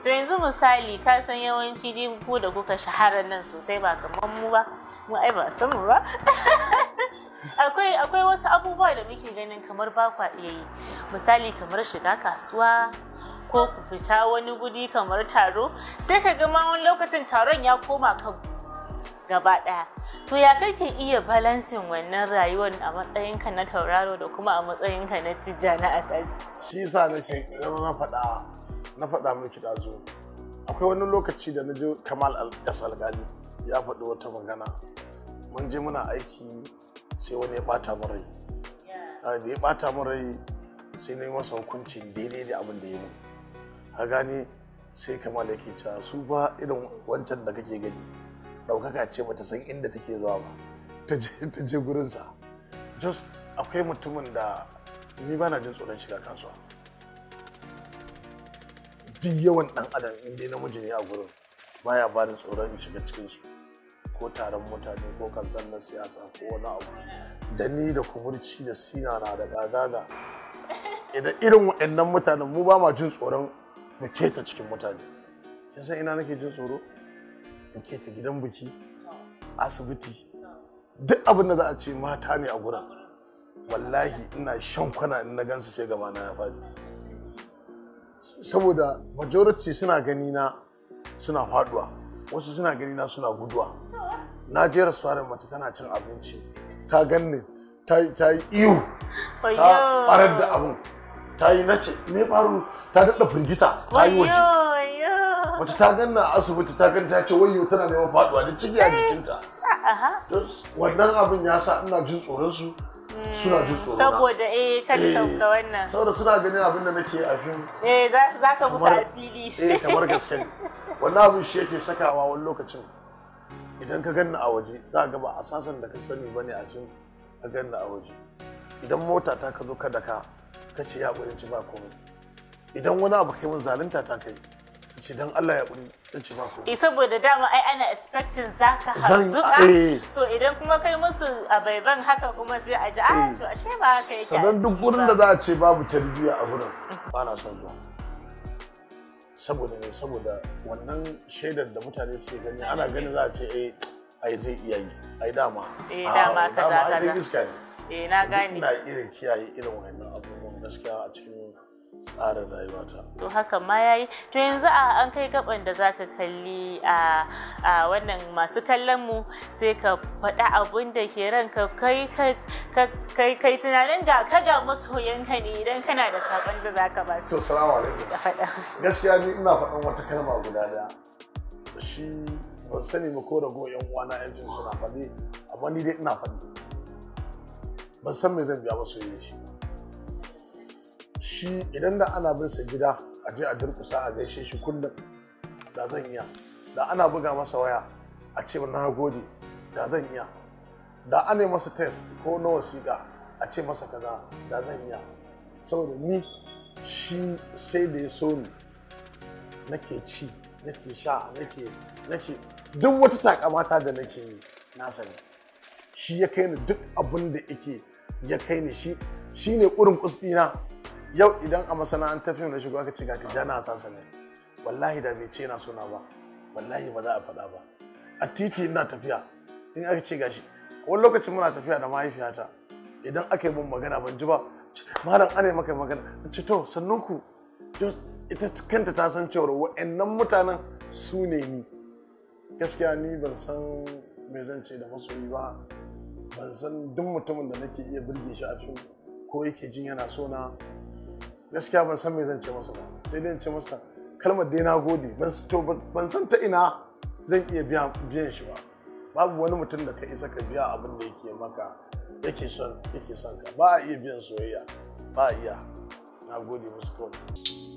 to yanzu misali ka san yawanci dai ku da kuka shahara nan sosai ba kamar mu ba mu ai ba san mu ba akwai akwai wasu abubuwa da muke ganin kamar ba kwa iya yi misali kamar shiga kasuwa ko ku fita wani guri kamar taro sai ka ga ma wani lokacin taron ya koma ka gaba ɗaya to ya kake iya balansin wannan rayuwar a matsayinka na tauraro da kuma a matsayinka na tijja na asasi shi yasa nake zama na faɗawa na faɗa miki ɗazu akwai wani lokaci da na je kamal s algali ya faɗi wata magana mun je muna aiki sai wani ya ɓata min rai da ya ɓata min rai sai na yi masa hukuncin daidai da abin da ya yi a gane sai kamal yake cewa su ba irin wancan da kake gani ɗaukaka ce bata san inda take zuwa ba ta je gurinsa jos akwai mutumin da ni ba na jin tsoron shiga kasuwa duk yawan ɗan adam in dai namiji ne a gurin baya ba da tsoron shiga cikin su ko taron mutane ko kamfen na siyasa ko wani abu da ni da kumurci da sina na da gagaga idan irin waɗannan mutanen mu ba ma jin tsoron mu keta cikin mutane kin san ina nake jin tsoro in keta gidan biki asibiti duk abin da za a ce mata ne a gurin wallahi ina shan kwana in na gansu sai gaba na ya faɗi saboda majority suna gani na suna faduwa wasu suna gani na suna guduwa na je restaurant mace tana cin abinci ta ganni ta yi iyo ta barar da abin ta yi nace me faru ta daɗa firgita ta yi waje mace ta ganna a asibiti ta gani ta ce wayo tana neman faduwa da ciki a jikinta wannan abin ya sa ina jin tsoron su suna jin tsoro saboda eh kan sauka eh, wannan saboda suna ganin abin da nake a fim eh za su ka musu alfili eh kamar gaske ne wannan abin shi yake sakawa wani lokacin idan ka ganna a waje za ga ba asasan da ka sani bane a fim ka ganna a waje idan mota ta ka zo ka daka ka ce ya ci ba komai idan wani abu kai mun zalunta ta kai ce don Allah ya kuri dan ce ba ko eh saboda dama ai ana expecting ka hazuka ah, eh. so idan kuma kai musu a baiban haka kuma sai a ji a ah, eh. to ashe ba haka yake Sannan duk gurin da za a ce babu tarbiyya a gurin ba na son zuwa saboda ne saboda wannan shaidar da mutane suke gani ana gani za a ce eh ai zai iya yi ai dama eh dama ah, kaza kaza eh na gane ina irin kiyaye irin wannan abubuwan gaskiya a cikin tsarin rayuwata to haka ma yayi to yanzu a an kai gaban da zaka kalli a wannan masu kallon mu sai ka faɗa abun da ke ranka kai kai kai tunanin ga ka ga masoyanka ne idan kana da sakon da zaka ba su to salamu alaikum gaskiya ni ina faɗan wata kalma guda daya shi ban sani ba ko rago yan uwana yan jin suna faɗi amma ni dai ina faɗi ban san me zan biya masoyi shi ba shi idan da ana bin sa gida a je a durkusa a gaishe shi kullum da zan iya da ana buga masa waya a ce na gode da zan iya da ana yi masa test ko na wasiƙa a ce masa kaza da zan iya saboda ni shi sai da ya so ni nake ci nake sha nake nake duk wata takamata da nake yi na sani shi ya kai ni duk abin da yake ya kai ni shi shi ne ƙurin kusɗina yau idan a masana'antar fim na shigo aka ce ga tijjana a sasa ne wallahi da bai ce na suna ba wallahi ba za a faɗa ba a titi ina tafiya in aka ce gashi wani lokacin muna tafiya da mahaifiyata idan aka yi mun magana ban ji ba malam ana maka magana a ce to sannan ku ita kanta ta san cewar wa'annan mutanen su ne ni gaskiya ni ban san me zan ce da masoyi ba ban san duk mutumin da nake iya burge shi a fim ko yake jin yana so na gaskiya ban san me zan ce masa ba sai dai ce masa kalmar dai na gode ban san ta ina zan iya biyan shi ba babu wani mutum da ka isa ka biya abin da yake maka yake son yake son ka ba a iya biyan soyayya ba a iya na gode musu kawai